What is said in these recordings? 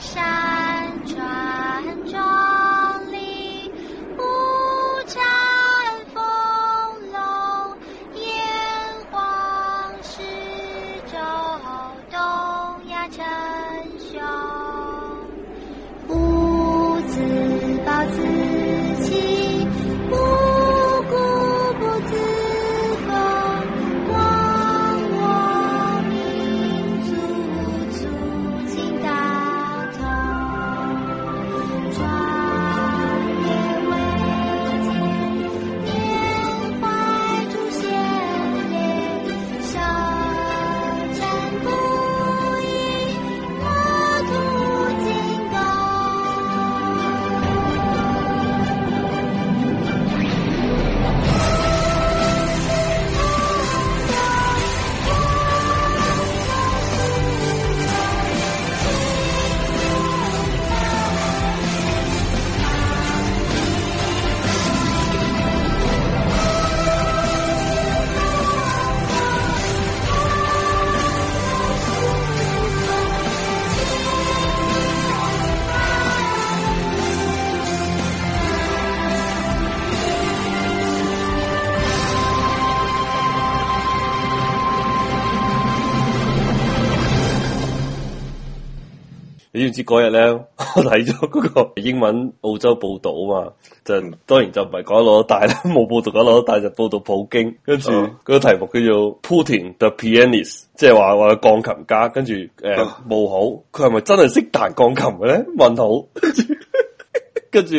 沙。知唔知嗰日咧，我睇咗嗰個英文澳洲報道啊嘛，就當然就唔係講一路一帶啦，冇報道講一路一帶，就報道普京。跟住嗰、uh. 個題目叫做 Putin the pianist，即係話話鋼琴家。跟住誒，冇、呃、好，佢係咪真係識彈鋼琴嘅咧？問好， 跟住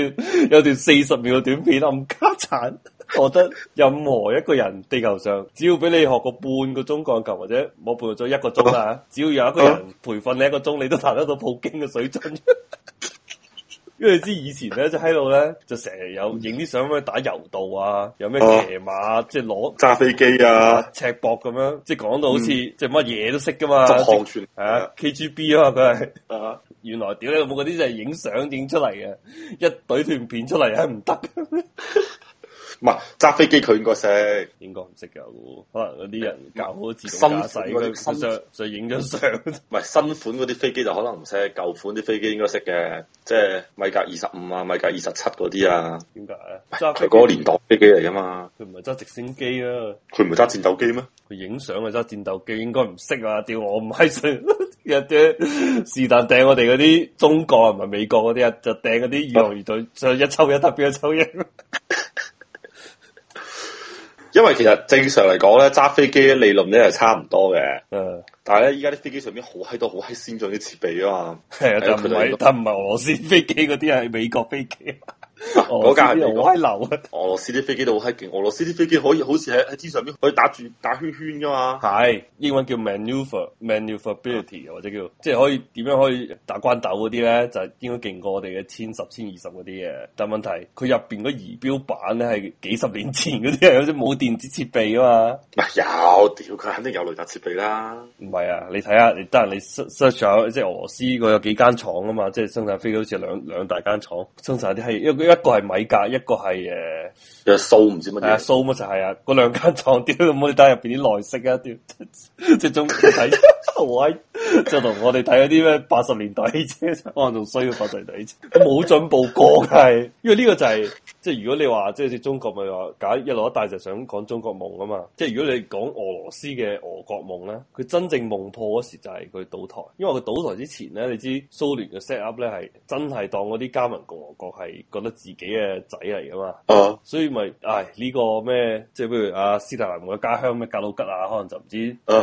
有段四十秒嘅短片，咁加慘。我覺得任何一個人地球上，只要俾你學個半個鐘鋼琴，或者冇培育咗一個鐘啦，啊、只要有一個人培訓你一個鐘，你都達得到普京嘅水準。 因為你知以前咧，就喺度咧，就成日有影啲相咩打柔道啊，有咩騎馬，即係攞揸飛機啊，赤膊咁樣，即係講到好似、嗯、即係乜嘢都識噶嘛。係啊，KGB 啊，嘛、啊，佢係啊，原來屌你冇嗰啲就係影相影出嚟嘅，一堆圖片出嚟，係唔得。 唔係揸飛機，佢應該識，應該唔識噶，可能嗰啲人教好自動駕駛嗰啲，新就影咗相。唔係新款嗰啲飛機就可能唔識，舊款啲飛機應該識嘅，即係米格二十五啊，米格二十七嗰啲啊。點解咧？揸佢嗰個年代飛機嚟噶嘛？佢唔係揸直升機啊？佢唔係揸戰鬥機咩？佢影相啊，揸戰鬥機應該唔識啊！屌我唔閪信，是但掟我哋嗰啲中國啊，唔係美國嗰啲啊，就掟嗰啲二龍二隊，就一抽一特別一抽一。因為其實正常嚟講咧，揸飛機嘅理論咧係差唔多嘅。嗯。但係咧，依家啲飛機上面好閪多、好閪先進啲設備啊嘛。係啊、嗯，但唔係，但唔係俄羅斯飛機嗰啲啊，係美國飛機嘛。 嗰架係歪流啊！俄羅斯啲飛機都好閪勁， 俄羅斯啲飛機可以好似喺喺天上面可以打住打圈圈噶嘛？係英文叫 maneuver maneuverability、啊、或者叫即係可以點樣可以打關斗嗰啲咧，就係、是、應該勁過我哋嘅千十千二十嗰啲嘅。但係問題佢入邊嗰儀表板咧係幾十年前嗰啲，有啲冇電子設備噶嘛？有，屌佢肯定有雷達設備啦。唔係啊，你睇、啊、下，你得閒你 search 即係俄羅斯個有幾間廠啊嘛？即係生產飛機好似兩兩大間廠生產啲係因為，因為一個係米格，一個係誒，阿蘇唔知乜嘢，阿蘇乜就係啊！嗰兩間廠屌，可以睇入邊啲內飾啊！屌，即係中睇，就同我哋睇嗰啲咩八十年代汽車，可能仲衰過八十年代汽車，冇進步過嘅。因為呢個就係即係如果你話即係中國咪話假一路一帶就想講中國夢啊嘛！即係如果你講俄羅斯嘅俄國夢咧，佢真正夢破嗰時就係佢倒台，因為佢倒台之前咧，你知蘇聯嘅 set up 咧係真係當嗰啲加盟共和國係覺得。自己嘅仔嚟噶嘛，uh huh. 所以咪唉呢個咩，即係比如阿斯特蘭嘅家鄉咩格魯吉亞、啊，可能就唔知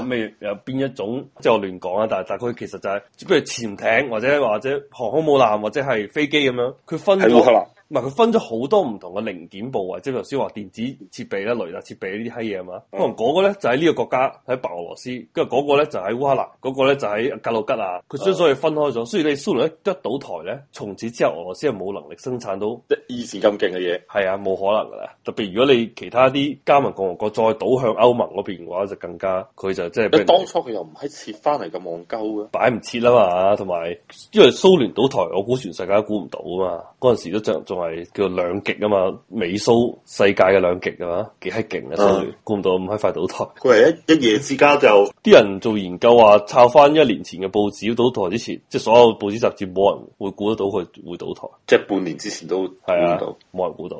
咩有邊、uh huh. 一種，即係我亂講啊，但係但係佢其實就係、是，不如潛艇或者或者航空母艦或者係飛機咁樣，佢分咗。唔係佢分咗好多唔同嘅零件部位，即係頭先話電子設備啦、雷達設備呢啲閪嘢啊嘛。嗯、可能嗰個咧就喺呢個國家喺白俄羅斯，跟住嗰個咧就喺烏克蘭，嗰、嗰個咧就喺格魯吉亞。佢之所、嗯、所以分開咗，雖然你蘇聯一倒台咧，從此之後俄羅斯係冇能力生產到即以前咁勁嘅嘢。係啊，冇可能噶啦。特別如果你其他啲加盟共和國再倒向歐盟嗰邊嘅話，就更加佢就即係。你當初佢又唔喺撤翻嚟咁戇鳩嘅，擺唔切啊嘛。同埋因為蘇聯倒台，我估全世界都估唔到啊嘛。嗰陣時都著。係叫兩極啊嘛，美蘇世界嘅兩極啊嘛，幾閪勁啊！所以估唔到咁閪快倒台。佢係一一夜之間就，啲人做研究話抄翻一年前嘅報紙，倒台之前，即係所有報紙雜誌冇人會估得到佢會倒台，即係半年之前都係啊，冇人估到。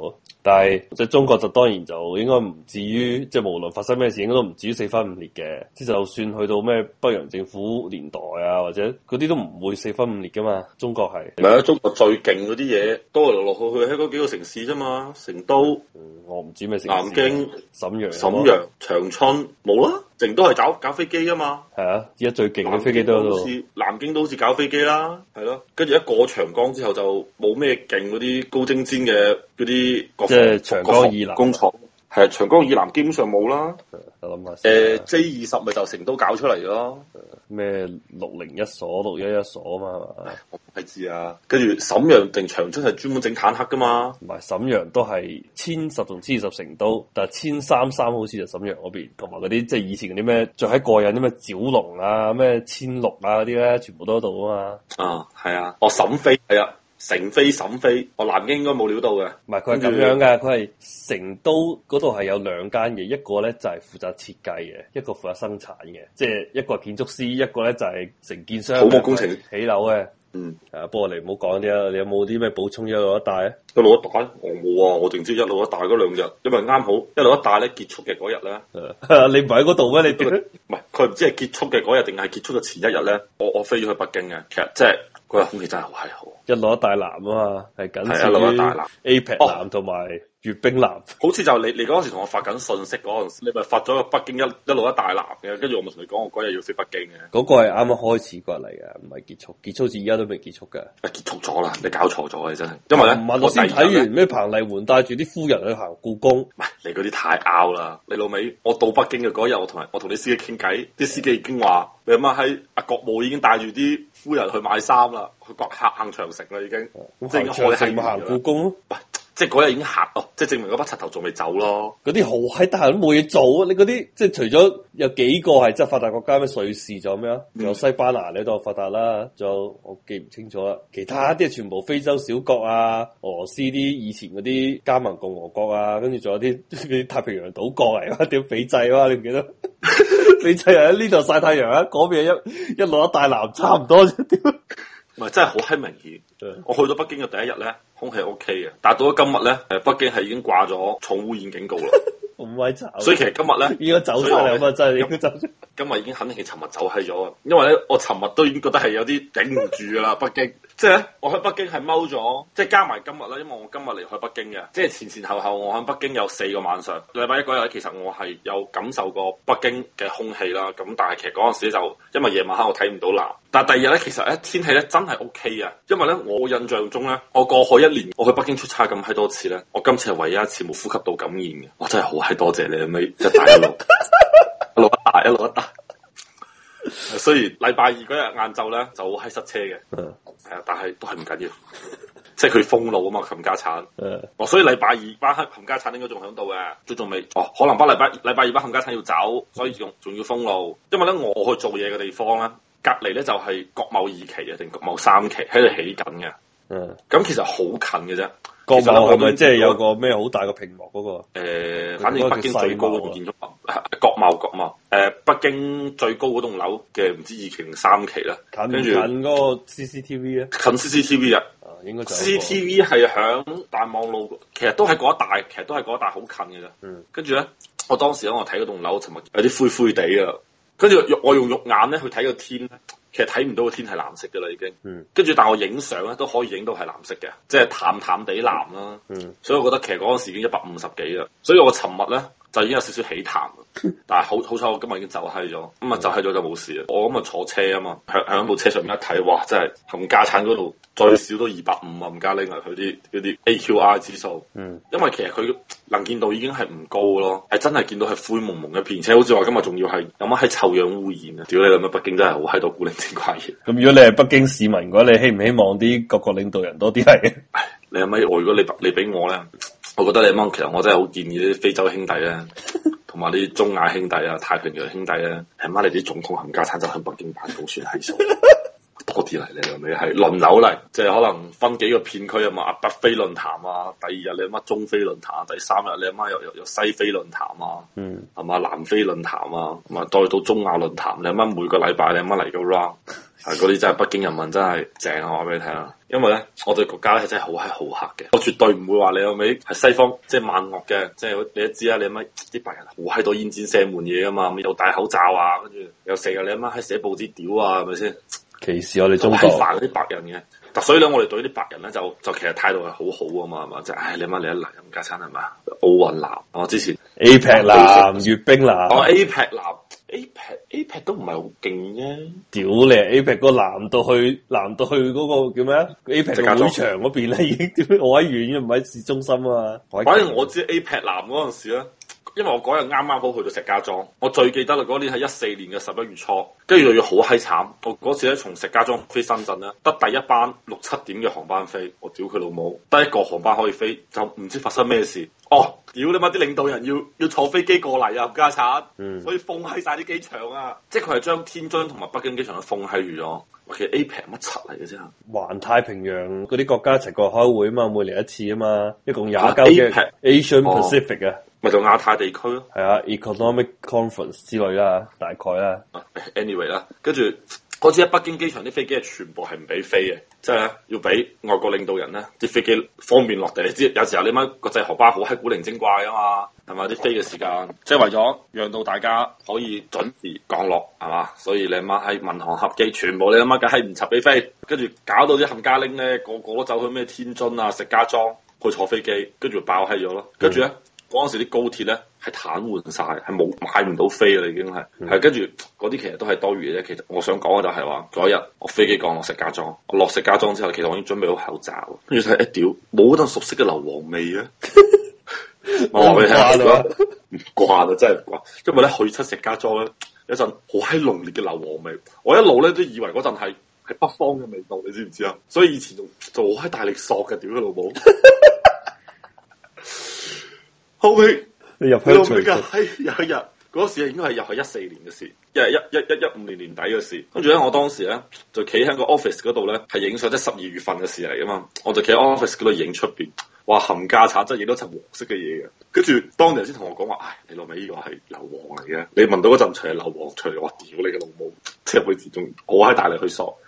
但係即係中國就當然就應該唔至於即係無論發生咩事，應該都唔至於四分五裂嘅。即就算去到咩北洋政府年代啊，或者嗰啲都唔會四分五裂噶嘛。中國係，唔係啊？中國最勁嗰啲嘢都係流落去去喺嗰幾個城市啫嘛。成都，嗯、我唔知咩城市、啊。南京、沈陽、沈陽、長春，冇啦。成都係搞搞飛機啊嘛，係啊，而家最勁嘅飛機都喺度。南京都好似搞飛機啦，係咯、啊。跟住一過長江之後就冇咩勁嗰啲高精尖嘅嗰啲國防，即係長江以南工廠。係長江以南基本上冇啦，你諗、嗯、下。誒、呃、J 二十咪就成都搞出嚟咯。咩六零一所、六一一所啊嘛，我唔係知啊。跟住瀋陽定長春係專門整坦克噶嘛？唔係、嗯，瀋陽都係千十同千二十成都，但係千三三好似就瀋陽嗰邊，同埋嗰啲即係以前嗰啲咩，最喺過癮啲咩，梟龍啊，咩千六啊嗰啲咧，全部都喺度啊嘛。啊，係啊，我、哦、沈飛係啊。成飛沈飛，我南京應該冇料到嘅。唔係佢係咁樣嘅，佢係、嗯、成都嗰度係有兩間嘅，一個咧就係、是、負責設計嘅，一個負責生產嘅，即係一個係建築師，一個咧就係、是、承建商，土木工程起樓嘅。嗯，誒、啊，不過你唔好講啲啊，你有冇啲咩補充一路一帶咧？一路一帶我冇啊，我淨知一路一帶嗰兩日，因為啱好一路一帶咧結束嘅嗰日咧，你唔係喺嗰度咩？你唔係，佢唔知係結束嘅嗰日定係結束嘅前一日咧？我我飛咗去北京嘅，其實即係佢話空氣真係好係好，一路一帶南啊嘛，係緊次於 APEC 南同埋、哦。閱兵藍，好似就你你嗰時同我發緊信息嗰陣時，你咪發咗個北京一一路一帶藍嘅，跟住我咪同你講我嗰日要飛北京嘅。嗰個係啱啱開始過嚟嘅，唔係結束，結束至而家都未結束嘅。誒，結束咗啦，你搞錯咗你真係，因為咧，我先睇完咩彭麗媛帶住啲夫人去行故宮，唔係你嗰啲太拗啦，你老味，我到北京嘅嗰日，我同我同啲司機傾偈，啲、嗯、司機已經話你媽閪，阿國務已經帶住啲夫人去買衫啦，去客行長城啦，已經即係係唔行故宮咯。即係嗰日已經吓咯、哦，即係證明嗰筆柒頭仲未走咯。嗰啲好閪得閒都冇嘢做啊！你嗰啲即係除咗有幾個係即係發達國家咩？瑞士仲有咩啊？有西班牙咧都係發達啦，仲有我記唔清楚啦。其他啲全部非洲小國啊，俄羅斯啲以前嗰啲加盟共和國啊，跟住仲有啲啲太平洋島國嚟啊，點斐濟啊？你唔記得？斐濟真係喺呢度曬太陽啊，嗰邊、 啊、一一路一落大藍，差唔多。唔係真係好閪明顯，對我去到北京嘅第一日咧，空氣 OK 嘅，但係到咗今日咧，誒北京係已經掛咗重污染警告啦， 以所以其實今日咧已經走咗，我今日已經肯定係尋日走氣咗啊，因為咧我尋日都已經覺得係有啲頂唔住㗎啦， 北京。即係咧，我喺北京係踎咗，即係加埋今日啦。因為我今日離開北京嘅，即係前前後後我喺北京有四個晚上。禮拜一嗰日咧，其實我係有感受過北京嘅空氣啦。咁但係其實嗰陣時就因為夜晚黑我睇唔到藍。但係第二日咧，其實咧天氣咧真係 OK 啊。因為咧我印象中咧，我過去一年，我去北京出差咁閪多次咧，我今次係唯一一次冇呼吸道感染嘅。我真係好閪多謝，謝你，阿妹，一路 一路帶，帶一路帶。帶一帶雖然禮拜二嗰日晏晝咧就好、是、喺塞車嘅，係啊， 但係都係唔緊要，即係佢封路啊嘛，冚家鏟，哦， 所以禮拜二晚黑冚家鏟應該仲響度嘅，都仲未，哦，可能不禮拜禮拜二班冚家鏟要走，所以仲仲要封路，因為咧我去做嘢嘅地方咧，隔籬咧就係國貿二期啊定國貿三期喺度起緊嘅。嗯，咁其實好近嘅啫，國貿係咪即係有個咩好大個屏幕嗰、那個？誒、呃，反正北京最高嗰建築物，國貿國貿，誒、呃，北京最高嗰棟樓嘅唔知二期定三期啦，近唔近嗰個 CCTV 啊？近 CCTV 啊，應該 CCTV 係響大望路，其實都係嗰一帶，其實都係嗰一帶好近嘅啫。嗯，跟住咧，我當時咧我睇嗰棟樓，尋日有啲灰灰哋啊。跟住肉，我用肉眼咧去睇個天咧，其實睇唔到個天係藍色嘅啦，已經。跟住，但係我影相咧都可以影到係藍色嘅，即係淡淡哋藍啦。嗯，所以我覺得其實嗰陣時已經一百五十幾啦。所以我沉默咧。就已經有少少起痰，但係好好彩，我今日已經走閪咗。咁啊，走閪咗就冇事啦。我咁啊坐車啊嘛，喺喺部車上面一睇，哇！真係冚家鏟嗰度最少都二百五啊！冚家拎啊！佢啲啲 AQI 指數，嗯，因為其實佢能見度已經係唔高咯，係真係見到係灰蒙蒙一片，而且好似話今日仲要係有乜喺臭氧污染啊！屌你諗下，北京真係好喺度古靈精怪嘢。咁如果你係北京市民嘅話，你希唔希望啲各國領導人多啲嚟？你阿咪？我如果你你俾我咧？我覺得你阿媽其實我真係好建議啲非洲兄弟咧，同埋啲中亞兄弟啊、太平洋兄弟咧，係乜你啲總統冚家產就喺北京辦到算係數，多啲嚟你阿妹係輪流嚟，即係可能分幾個片區啊嘛，北非論壇啊，第二日你阿媽中非論壇啊，第三日你阿媽又又有西非論壇啊，嗯，係嘛南非論壇啊，咁啊待到中亞論壇，你阿媽每個禮拜你阿媽嚟個 round。嗰啲真係北京人民真係正啊！我話俾你聽啦，因為咧，我哋國家咧真係好係好客嘅，我絕對唔會話你有媽係西方，即係萬惡嘅，即係你都知啊！你阿媽啲白人胡喺度煙戰射門嘢啊嘛，又戴口罩啊，跟住又成日你阿媽喺寫報紙屌啊，係咪先歧視我哋中國？煩啲白人嘅，但所以咧，我哋對啲白人咧就就其實態度係好好啊嘛，係嘛？即係你阿媽你阿男咁，家餐係嘛？奧運男，我之前 APEC 男，閱兵男，我 APEC 男。APEC APEC 都唔係好勁啫，屌你 APEC 個南到去南到去嗰個叫咩啊？APEC 體育場嗰邊咧，已經點 我喺遠嘅，唔喺市中心啊嘛。反正我知 APEC 南嗰陣時咧。因為我嗰日啱啱好去到石家莊，我最記得啦，嗰年係一四年嘅十一月初，跟住就要好閪慘，我嗰時咧從石家莊飛深圳咧得第一班六七點嘅航班飛，我屌佢老母得一個航班可以飛，就唔知發生咩事哦，屌你媽啲領導人要要坐飛機過嚟啊，家產，所以封閪晒啲機場啊，即係佢係將天津同埋北京機場都封閪住咗，其實 APEC 乜柒嚟嘅啫？環太平洋嗰啲國家一齊過開會啊嘛，每年一次啊嘛，一共廿九嘅 Asian Pacific 啊。咪做亞太地區咯，係啊、yeah，economic conference 之類啦，大概啦。anyway 啦，跟住嗰次喺北京機場啲飛機係全部係唔俾飛嘅，即係要俾外國領導人咧啲飛機方便落地。你知有時候你乜國際航班好係古靈精怪啊嘛，係嘛啲飛嘅時間，即係為咗讓到大家可以準時降落，係嘛，所以你乜喺民航客機全部你乜梗係唔插俾飛，跟住搞到啲冚家拎咧個個都走去咩天津啊石家莊去坐飛機，跟住爆閪咗咯，跟住咧。嗰陣時啲高鐵咧係癱瘓晒，係冇買唔到飛啦，已經係係跟住嗰啲其實都係多餘嘅啫。其實我想講嘅就係話，嗰日我飛機降落石家莊，我落石家莊之後，其實我已經準備好口罩，跟住睇一屌冇嗰陣熟悉嘅硫磺味啊！ 我話俾你聽，唔慣啊，真係唔慣，因為咧去出石家莊咧，有陣好閪濃烈嘅硫磺味，我一路咧都以為嗰陣係北方嘅味道，你知唔知啊？所以以前仲仲好閪大力索嘅，屌佢老母！ 後尾，後你入鄉隨俗。有日嗰時啊，應該係入係一四年嘅事，一係一一一一五年年底嘅事。跟住咧，我當時咧就企喺個 office 嗰度咧，係影相，即係十二月份嘅事嚟噶嘛。我就企喺 office 嗰度影出邊，哇，冚家產真係影到層黃色嘅嘢嘅。跟住當年先同我講話，唉，你老味呢個係硫磺嚟嘅。你聞到嗰陣除係硫磺除，我屌你個老母！即係每自仲我喺大理去索，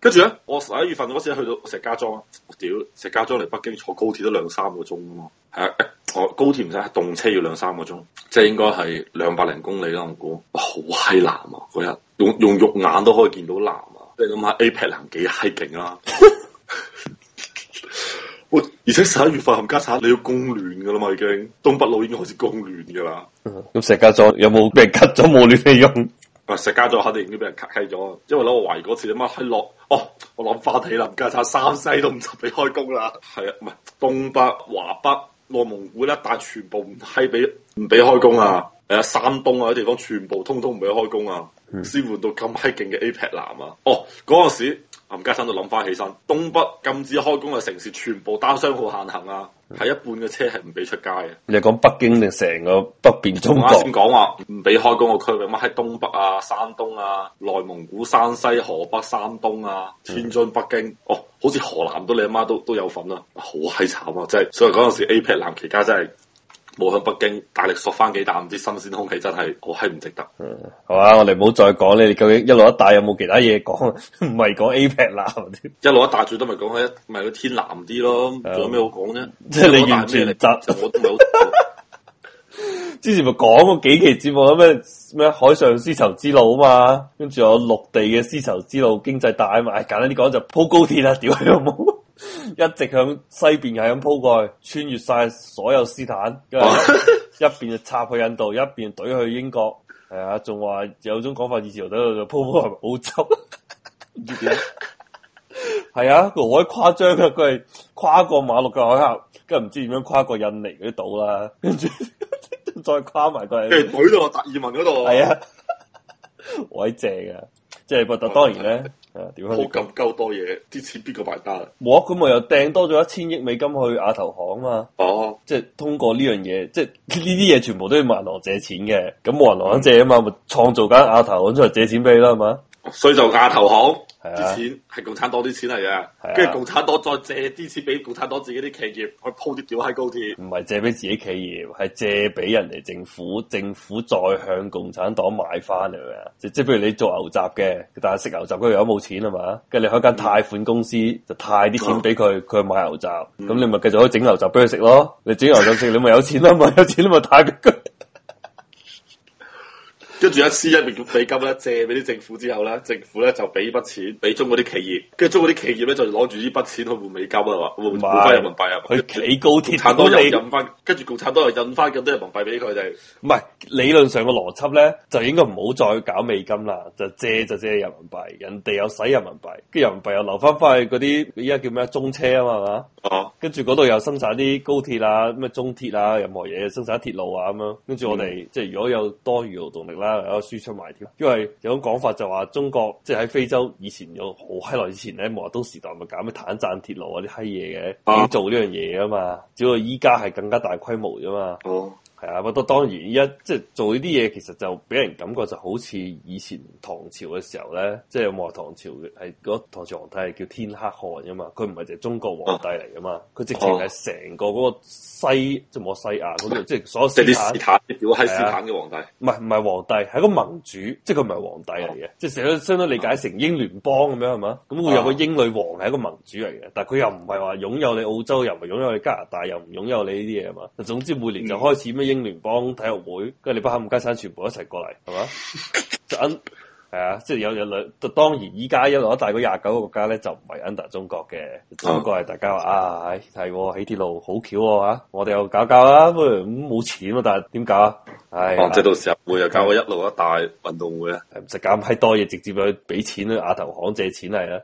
跟住咧我十一月份嗰時去到石家莊，我屌石家莊嚟北京坐高鐵都兩三個鐘啊嘛，係啊。哦，高鐵唔使，動車要兩三個鐘，即係應該係兩百零公里啦。我估好閪藍啊，嗰日用用肉眼都可以見到藍啊。即係諗下 APEC 藍幾閪勁啊！我 而且十一月份冚家鏟，你要供暖噶啦嘛？已經東北路已經開始供暖噶啦。咁石家莊有冇俾人 cut 咗冇暖氣用？啊，石家莊肯定已經俾人 cut 咗。因為攞我懷嗰次，你媽喺落哦，我諗花鐵林家產，山西都唔準備開工啦。係 啊，唔係東北華北。內蒙古咧，但係全部唔閪俾唔俾開工啊！誒啊，山東啊啲地方全部通通唔俾開工啊！支援、嗯、到咁閪勁嘅 APEC 藍啊！哦，嗰、那、陣、個、時林家山都諗翻起身，東北禁止開工嘅城市全部單雙號限行啊！係一半嘅車係唔俾出街嘅。你講北京定成個北邊中國？我啱先講話唔俾開工嘅區域，乜喺東北啊、山東啊、內蒙古、山西、河北、山東啊、天津、北京。嗯、哦，好似河南都你阿媽都都有份啊，好閪慘啊！即係，所以嗰陣時 APEC 南棋家仔真係。冇喺北京，大力索翻幾啖，唔知新鮮空氣真係我閪唔值得。係嘛、嗯，我哋唔好再講，你哋究竟一路一帶有冇其他嘢講？唔係講 APEC 藍啦， 一路一帶最多咪講下咪個天藍啲咯。仲、嗯、有咩好講啫、嗯？即係完全集， 我都唔係之前咪講過幾期節目，咩咩海上絲綢之路啊嘛，跟住有陸地嘅絲綢之路經濟帶啊嘛。唉、哎，簡單啲講就鋪高鐵啦、啊，屌有冇？ 一直向西邊係咁鋪過去，穿越晒所有斯坦，一邊就插去印度，一邊懟去英國，係啊，仲話有種講法，以前喺度鋪鋪入澳洲，唔知點，係啊，好、 啊、誇張啊，佢係跨過馬六甲海峽，跟住唔知點樣跨過印尼嗰啲島啦，跟住 再跨埋過去，即係懟到達爾文嗰度，係啊，好正啊，即係不得 當然咧。 啊！點啊？咁鳩多嘢，啲錢邊個埋單啊？冇啊、哦！咁我又掟多咗一千億美金去亞投行啊嘛。哦，即係通過呢樣嘢，即係呢啲嘢全部都要問人借錢嘅。咁冇人攞緊借啊嘛，咪、嗯、創造間亞投行出嚟借錢俾你啦，係嘛？所以就亞投行。啲錢係共產黨啲錢嚟嘅，跟住是的 共產黨再借啲錢俾共產黨自己啲企業去鋪啲屌閪高鐵。唔係借俾自己企業，係借俾人哋政府，政府再向共產黨買翻嚟嘅！即即，即譬如你做牛雜嘅，但係食牛雜嗰陣有冇錢啊嘛？跟住你開間貸款公司、嗯、就貸啲錢俾佢，佢買牛雜。咁、嗯、你咪繼續可以整牛雜俾佢食咯。你整牛雜食，你咪有錢咯。咪 有錢你咪貸俾佢。跟住一帶一路，用嘅美金啦。借俾啲政府之後咧，政府咧就俾筆錢俾中國啲企業，跟住中國啲企業咧就攞住呢筆錢去換美金啊嘛，換翻是人民幣入去起高鐵你 跟，共產都又印翻，跟住共產都又印翻咁多人民幣俾佢哋。唔係理論上嘅邏輯咧，就應該唔好再搞美金啦，就借就借人民幣，人哋有使人民幣，跟住人民幣又留翻翻去嗰啲依家叫咩中車啊嘛，係嘛、啊？哦。跟住嗰度又生產啲高鐵啊、咩中鐵啊、任何嘢生產鐵路啊咁樣。跟住我哋即係如果有多餘嘅動力啦。有輸出埋添，因為有種講法就話中國即係喺非洲以前有好閪耐以前咧，毛澤東時代咪搞咩坦贊鐵路啊啲閪嘢嘅，已經做呢樣嘢啊嘛，只不過依家係更加大規模啫嘛。啊啊，不過當然依家即係做呢啲嘢，其實就俾人感覺就好似以前唐朝嘅時候咧，即係話唐朝嘅係，那個、唐朝皇帝係叫天黑汗啊嘛，佢唔係就中國皇帝嚟啊嘛，佢直情係成個嗰個西即係我西亞嗰度，即係所有西亞。即係啲斯坦，即係斯坦嘅的皇帝，唔係唔係皇帝，係一個盟主，即係佢唔係皇帝嚟嘅，啊、即係成日相當理解成英聯邦咁樣係嘛，咁、啊、會有個英女皇係一個盟主嚟嘅，但係佢又唔係話擁有你澳洲，又唔係擁有你加拿大，又唔擁有你呢啲嘢係嘛，總之每年就開始咩英聯邦體育會，跟住你包括五加山全部一齊過嚟，係嘛？就係 啊，即係有有兩，當然依家一路一帶廿九個國家咧，就唔係 under 中國嘅，中國係大家話啊係喺鐵路好巧啊、哦，我哋又搞搞啊，啦、哎，咁冇錢啊，但係點搞啊？唉，或者到時會又搞個一路一帶運動會啊，唔使搞咁閪多嘢，直接去俾錢去亞投行借錢嚟啊。